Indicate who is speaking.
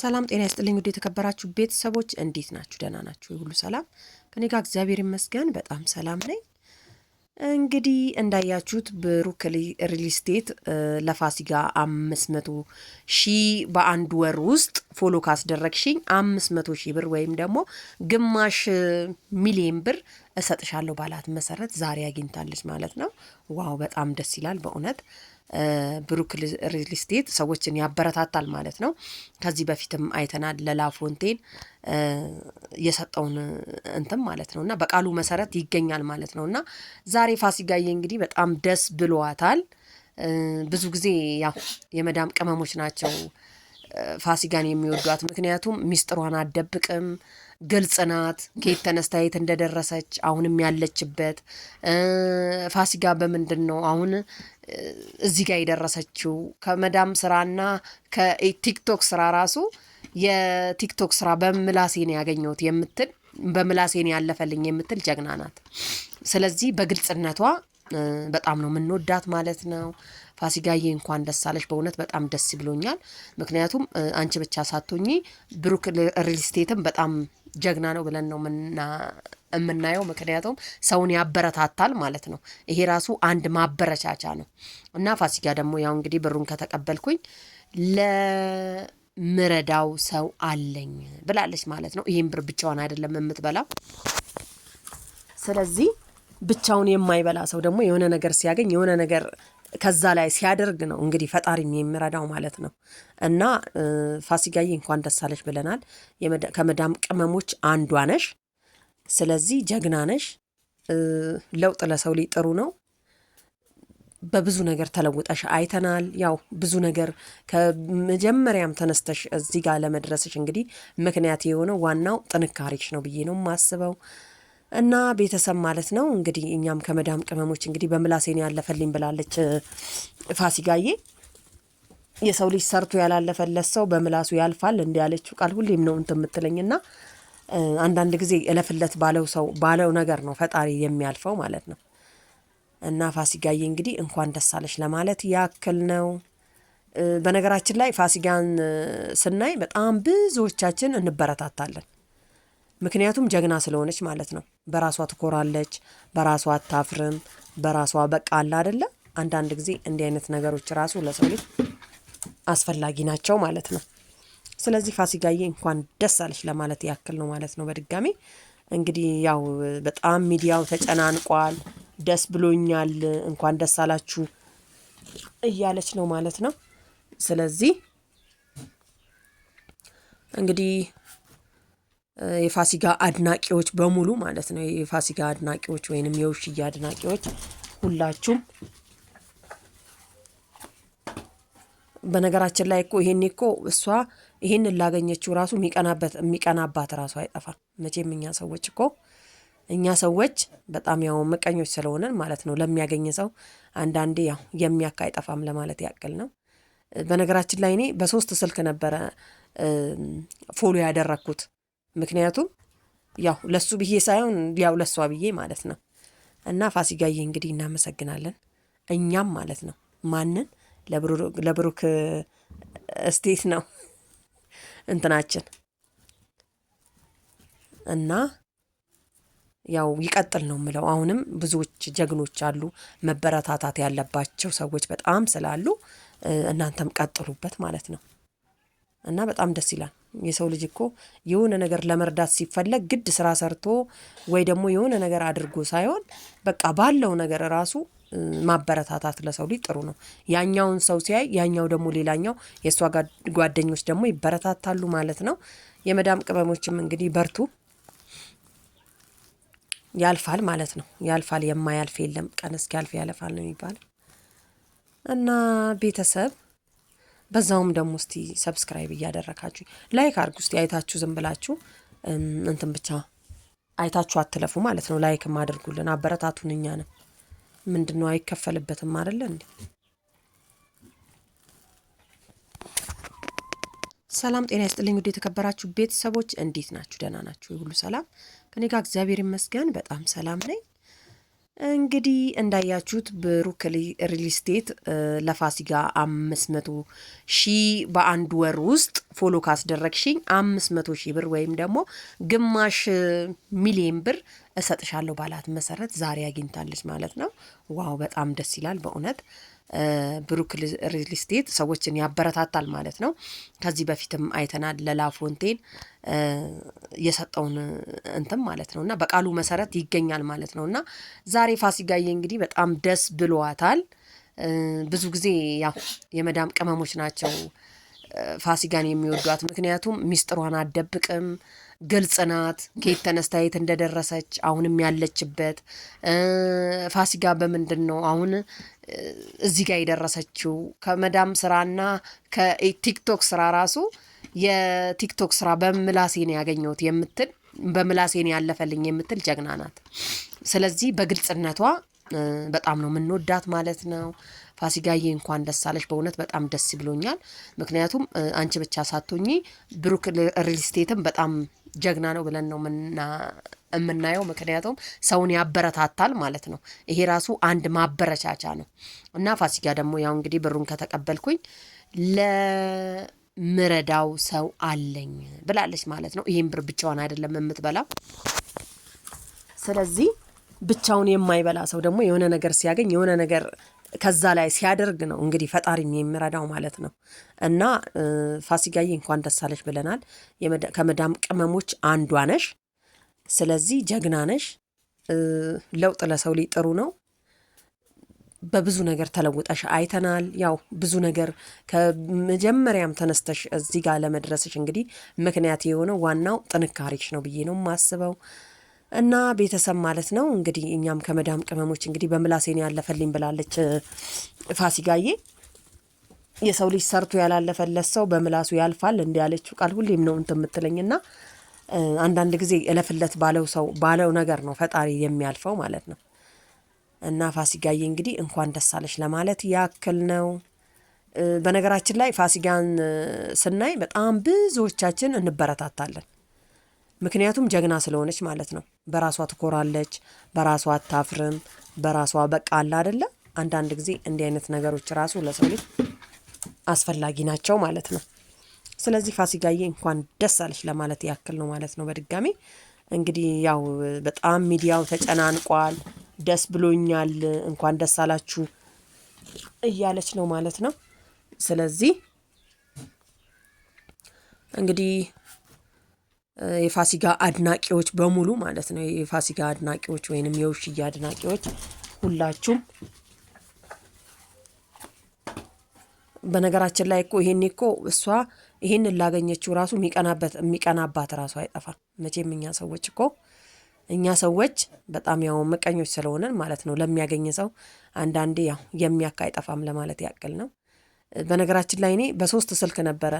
Speaker 1: ሰላም ጤና ይስጥልኝ ውድ የተከበራችሁ ቤተሰቦች እንዴት ናችሁ? ደህና ናችሁ? ሁሉ ሰላም ከኔ ጋር እግዚአብሔር ይመስገን በጣም ሰላም ነኝ። እንግዲህ እንዳያችሁት ብሩክ ሪልስቴት ስቴት ለፋሲካ አምስት መቶ ሺህ በአንድ ወር ውስጥ ፎሎ ካስደረግሽኝ አምስት መቶ ሺህ ብር ወይም ደግሞ ግማሽ ሚሊየን ብር እሰጥሻለሁ ባላት መሰረት ዛሬ አግኝታለች ማለት ነው። ዋው በጣም ደስ ይላል በእውነት ብሩክ ሪል ስቴት ሰዎችን ያበረታታል ማለት ነው። ከዚህ በፊትም አይተናል ለላፎንቴን የሰጠውን እንትም ማለት ነው እና በቃሉ መሰረት ይገኛል ማለት ነው እና ዛሬ ፋሲካዬ እንግዲህ በጣም ደስ ብሏታል። ብዙ ጊዜ ያው የመዳም ቅመሞች ናቸው ፋሲጋን የሚወዷት ምክንያቱም ሚስጥሯን አደብቅም፣ ግልጽ ናት። ከየት ተነስታ የት እንደደረሰች አሁንም ያለችበት ፋሲጋ በምንድን ነው አሁን እዚህ ጋር የደረሰችው ከመዳም ስራና ከቲክቶክ ስራ ራሱ የቲክቶክ ስራ በምላሴን ያገኘሁት የምትል በምላሴን ያለፈልኝ የምትል ጀግና ናት። ስለዚህ በግልጽነቷ በጣም ነው የምንወዳት ማለት ነው። ፋሲጋዬ እንኳን ደስ አለሽ። በእውነት በጣም ደስ ብሎኛል። ምክንያቱም አንቺ ብቻ ሳቶኝ ብሩክ ሪልስቴትም በጣም ጀግና ነው ብለን ነው የምናየው። ምክንያቱም ሰውን ያበረታታል ማለት ነው። ይሄ ራሱ አንድ ማበረቻቻ ነው እና ፋሲጋ ደግሞ ያው እንግዲህ ብሩን ከተቀበልኩኝ ለምረዳው ሰው አለኝ ብላለች ማለት ነው። ይህም ብር ብቻዋን አይደለም የምትበላው። ስለዚህ ብቻውን የማይበላ ሰው ደግሞ የሆነ ነገር ሲያገኝ የሆነ ነገር ከዛ ላይ ሲያደርግ ነው እንግዲህ ፈጣሪም የሚረዳው ማለት ነው። እና ፋሲካዬ እንኳን ደስ አለሽ ብለናል። ከመዳም ቅመሞች አንዷ ነሽ። ስለዚህ ጀግና ነሽ። ለውጥ ለሰው ልጅ ጥሩ ነው። በብዙ ነገር ተለውጠሽ አይተናል። ያው ብዙ ነገር ከመጀመሪያም ተነስተሽ እዚህ ጋር ለመድረስሽ እንግዲህ ምክንያት የሆነው ዋናው ጥንካሬሽ ነው ብዬ ነው የማስበው። እና ቤተሰብ ማለት ነው እንግዲህ እኛም ከመዳም ቅመሞች እንግዲህ በምላሴን ያለፈልኝ ብላለች ፋሲጋዬ የሰው ልጅ ሰርቶ ያላለፈለት ሰው በምላሱ ያልፋል እንዲ ያለችው ቃል ሁሌም ነው እንትን የምትለኝና አንዳንድ ጊዜ እለፍለት ባለው ሰው ባለው ነገር ነው ፈጣሪ የሚያልፈው ማለት ነው። እና ፋሲጋዬ እንግዲህ እንኳን ደስ አለሽ ለማለት ያክል ነው። በነገራችን ላይ ፋሲጋን ስናይ በጣም ብዙዎቻችን እንበረታታለን። ምክንያቱም ጀግና ስለሆነች ማለት ነው። በራሷ ትኮራለች፣ በራሷ አታፍርም፣ በራሷ በቃ አለ አደለ። አንዳንድ ጊዜ እንዲህ አይነት ነገሮች ራሱ ለሰው ልጅ አስፈላጊ ናቸው ማለት ነው። ስለዚህ ፋሲካዬ እንኳን ደስ አለች ለማለት ያክል ነው ማለት ነው። በድጋሚ እንግዲህ ያው በጣም ሚዲያው ተጨናንቋል። ደስ ብሎኛል፣ እንኳን ደስ አላችሁ እያለች ነው ማለት ነው። ስለዚህ እንግዲህ የፋሲጋ አድናቂዎች በሙሉ ማለት ነው። የፋሲጋ አድናቂዎች ወይንም የውሽዬ አድናቂዎች ሁላችሁም በነገራችን ላይ እኮ ይሄን እኮ እሷ ይሄን ላገኘችው ራሱ የሚቀናባት ራሱ አይጠፋም መቼም። እኛ ሰዎች እኮ እኛ ሰዎች በጣም ያው ምቀኞች ስለሆነን ማለት ነው ለሚያገኝ ሰው አንዳንዴ ያው የሚያካ አይጠፋም ለማለት ያክል ነው። በነገራችን ላይ እኔ በሶስት ስልክ ነበረ ፎሎ ያደረግኩት ምክንያቱም ያው ለሱ ብዬ ሳይሆን ያው ለሷ ብዬ ማለት ነው። እና ፋሲካዬ እንግዲህ እናመሰግናለን እኛም ማለት ነው። ማንን ለብሩክ እስቴት ነው እንትናችን እና ያው ይቀጥል ነው የምለው። አሁንም ብዙዎች ጀግኖች አሉ፣ መበረታታት ያለባቸው ሰዎች በጣም ስላሉ እናንተም ቀጥሉበት ማለት ነው እና በጣም ደስ ይላል። የሰው ልጅ እኮ የሆነ ነገር ለመርዳት ሲፈለግ ግድ ስራ ሰርቶ ወይ ደግሞ የሆነ ነገር አድርጎ ሳይሆን በቃ ባለው ነገር ራሱ ማበረታታት ለሰው ልጅ ጥሩ ነው። ያኛውን ሰው ሲያይ ያኛው ደግሞ ሌላኛው የእሷ ጓደኞች ደግሞ ይበረታታሉ ማለት ነው። የመዳም ቅመሞችም እንግዲህ በርቱ፣ ያልፋል ማለት ነው። ያልፋል፣ የማያልፍ የለም። ቀን እስኪያልፍ ያለፋል ነው የሚባለው እና ቤተሰብ በዛውም ደግሞ እስቲ ሰብስክራይብ እያደረካችሁ ላይክ አድርጉ። እስቲ አይታችሁ ዝም ብላችሁ እንትን ብቻ አይታችሁ አትለፉ ማለት ነው። ላይክም አድርጉልን፣ አበረታቱን። እኛንም ምንድን ነው አይከፈልበትም አይደለ እንዴ? ሰላም ጤና ይስጥልኝ። ውድ የተከበራችሁ ቤተሰቦች እንዴት ናችሁ? ደህና ናችሁ? ሁሉ ሰላም ከኔ ጋር እግዚአብሔር ይመስገን፣ በጣም ሰላም ነኝ። እንግዲህ እንዳያችሁት ብሩክ ሪል ለፋሲጋ አምስት መቶ ሺህ በአንድ ወር ውስጥ ፎሎ ካስደረግሽኝ አምስት መቶ ሺህ ብር ወይም ደግሞ ግማሽ ሚሊየን ብር እሰጥሻለሁ ባላት መሰረት ዛሬ አግኝታለች ማለት ነው። ዋው በጣም ደስ ይላል በእውነት ብሩክ ሪል ስቴት ሰዎችን ያበረታታል ማለት ነው። ከዚህ በፊትም አይተናል ለላፎንቴን የሰጠውን እንትም ማለት ነው እና በቃሉ መሰረት ይገኛል ማለት ነው እና ዛሬ ፋሲካዬ እንግዲህ በጣም ደስ ብሏታል። ብዙ ጊዜ ያው የመዳም ቅመሞች ናቸው ፋሲካን የሚወዷት፣ ምክንያቱም ሚስጥሯን አደብቅም ግልጽ ናት። ከየት ተነስታ የት እንደደረሰች አሁንም ያለችበት ፋሲካ በምንድን ነው አሁን እዚህ ጋር የደረሰችው ከመዳም ስራና ከቲክቶክ ስራ ራሱ የቲክቶክ ስራ በምላሴ ነው ያገኘሁት የምትል በምላሴ ነው ያለፈልኝ የምትል ጀግና ናት። ስለዚህ በግልጽነቷ በጣም ነው የምንወዳት ማለት ነው። ፋሲካዬ እንኳን ደስ አለሽ። በእውነት በጣም ደስ ብሎኛል። ምክንያቱም አንቺ ብቻ ሳቶኝ ብሩክ ሪልስቴትም በጣም ጀግና ነው ብለን ነው የምናየው። ምክንያቱም ሰውን ያበረታታል ማለት ነው። ይሄ ራሱ አንድ ማበረቻቻ ነው እና ፋሲካ ደግሞ ያው እንግዲህ ብሩን ከተቀበልኩኝ ለምረዳው ሰው አለኝ ብላለች ማለት ነው። ይሄን ብር ብቻዋን አይደለም የምትበላው። ስለዚህ ብቻውን የማይበላ ሰው ደግሞ የሆነ ነገር ሲያገኝ የሆነ ነገር ከዛ ላይ ሲያደርግ ነው እንግዲህ ፈጣሪም የሚረዳው ማለት ነው። እና ፋሲካዬ እንኳን ደስ አለሽ ብለናል። ከመዳም ቅመሞች አንዷ ነሽ። ስለዚህ ጀግና ነሽ። ለውጥ ለሰው ልጅ ጥሩ ነው። በብዙ ነገር ተለውጠሽ አይተናል። ያው ብዙ ነገር ከመጀመሪያም ተነስተሽ እዚህ ጋር ለመድረስሽ እንግዲህ ምክንያት የሆነው ዋናው ጥንካሬሽ ነው ብዬ ነው የማስበው። እና ቤተሰብ ማለት ነው እንግዲህ እኛም ከመዳም ቅመሞች እንግዲህ በምላሴን ያለፈልኝ ብላለች ፋሲጋዬ የሰው ልጅ ሰርቶ ያላለፈለት ሰው በምላሱ ያልፋል እንዲ ያለችው ቃል ሁሌም ነው እንትን የምትለኝና አንዳንድ ጊዜ እለፍለት ባለው ሰው ባለው ነገር ነው ፈጣሪ የሚያልፈው ማለት ነው። እና ፋሲጋዬ እንግዲህ እንኳን ደስ አለሽ ለማለት ያክል ነው። በነገራችን ላይ ፋሲጋን ስናይ በጣም ብዙዎቻችን እንበረታታለን። ምክንያቱም ጀግና ስለሆነች ማለት ነው። በራሷ ትኮራለች፣ በራሷ አታፍርም፣ በራሷ በቃ አለ አደለ። አንዳንድ ጊዜ እንዲህ አይነት ነገሮች ራሱ ለሰው ልጅ አስፈላጊ ናቸው ማለት ነው። ስለዚህ ፋሲካዬ እንኳን ደስ አለች ለማለት ያክል ነው ማለት ነው። በድጋሚ እንግዲህ ያው በጣም ሚዲያው ተጨናንቋል። ደስ ብሎኛል፣ እንኳን ደስ አላችሁ እያለች ነው ማለት ነው። ስለዚህ እንግዲህ የፋሲጋ አድናቂዎች በሙሉ ማለት ነው። የፋሲጋ አድናቂዎች ወይንም የውሽዬ አድናቂዎች ሁላችሁም በነገራችን ላይ እኮ ይሄን እኮ እሷ ይሄንን ላገኘችው ራሱ የሚቀናባት ራሱ አይጠፋም መቼም። እኛ ሰዎች እኮ እኛ ሰዎች በጣም ያው ምቀኞች ስለሆነን ማለት ነው ለሚያገኝ ሰው አንዳንዴ ያው የሚያካ አይጠፋም ለማለት ያቅል ነው። በነገራችን ላይ እኔ በሶስት ስልክ ነበረ